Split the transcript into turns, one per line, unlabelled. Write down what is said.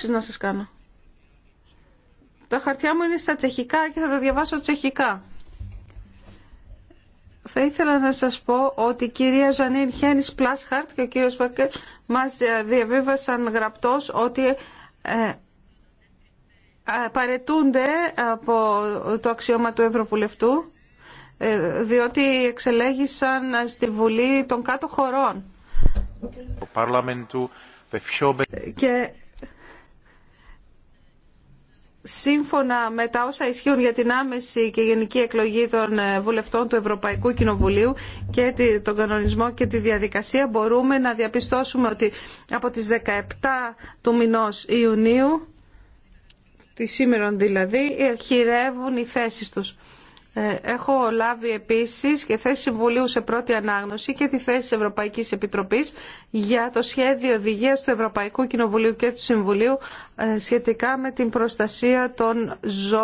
προτάσεις να σας κάνω. Τα χαρτιά μου είναι στα τσεχικά και θα τα διαβάσω τσεχικά. Θα ήθελα να σας πω ότι η κυρία Ζανίν Χένις Πλάσχαρτ και ο κύριος Πακέ μας διαβίβασαν γραπτός ότι ε, ε, παρετούνται από το αξιώμα του Ευρωβουλευτού ε, διότι εξελέγησαν στη Βουλή των κάτω χωρών. Και σύμφωνα με τα όσα ισχύουν για την άμεση και γενική εκλογή των ε, βουλευτών του Ευρωπαϊκού Κοινοβουλίου και τον κανονισμό και τη διαδικασία μπορούμε να διαπιστώσουμε ότι από τις 17 του μηνός Ιουνίου, τη σήμερα δηλαδή, ε, χειρεύουν οι θέσεις τους. Ε, έχω λάβει επίσης και θέση Συμβουλίου σε πρώτη ανάγνωση και τη θέση της Ευρωπαϊκής Επιτροπής για το σχέδιο οδηγία του Ευρωπαϊκού Κοινοβουλίου και του Συμβουλίου ε, σχετικά με την προστασία των ζώων.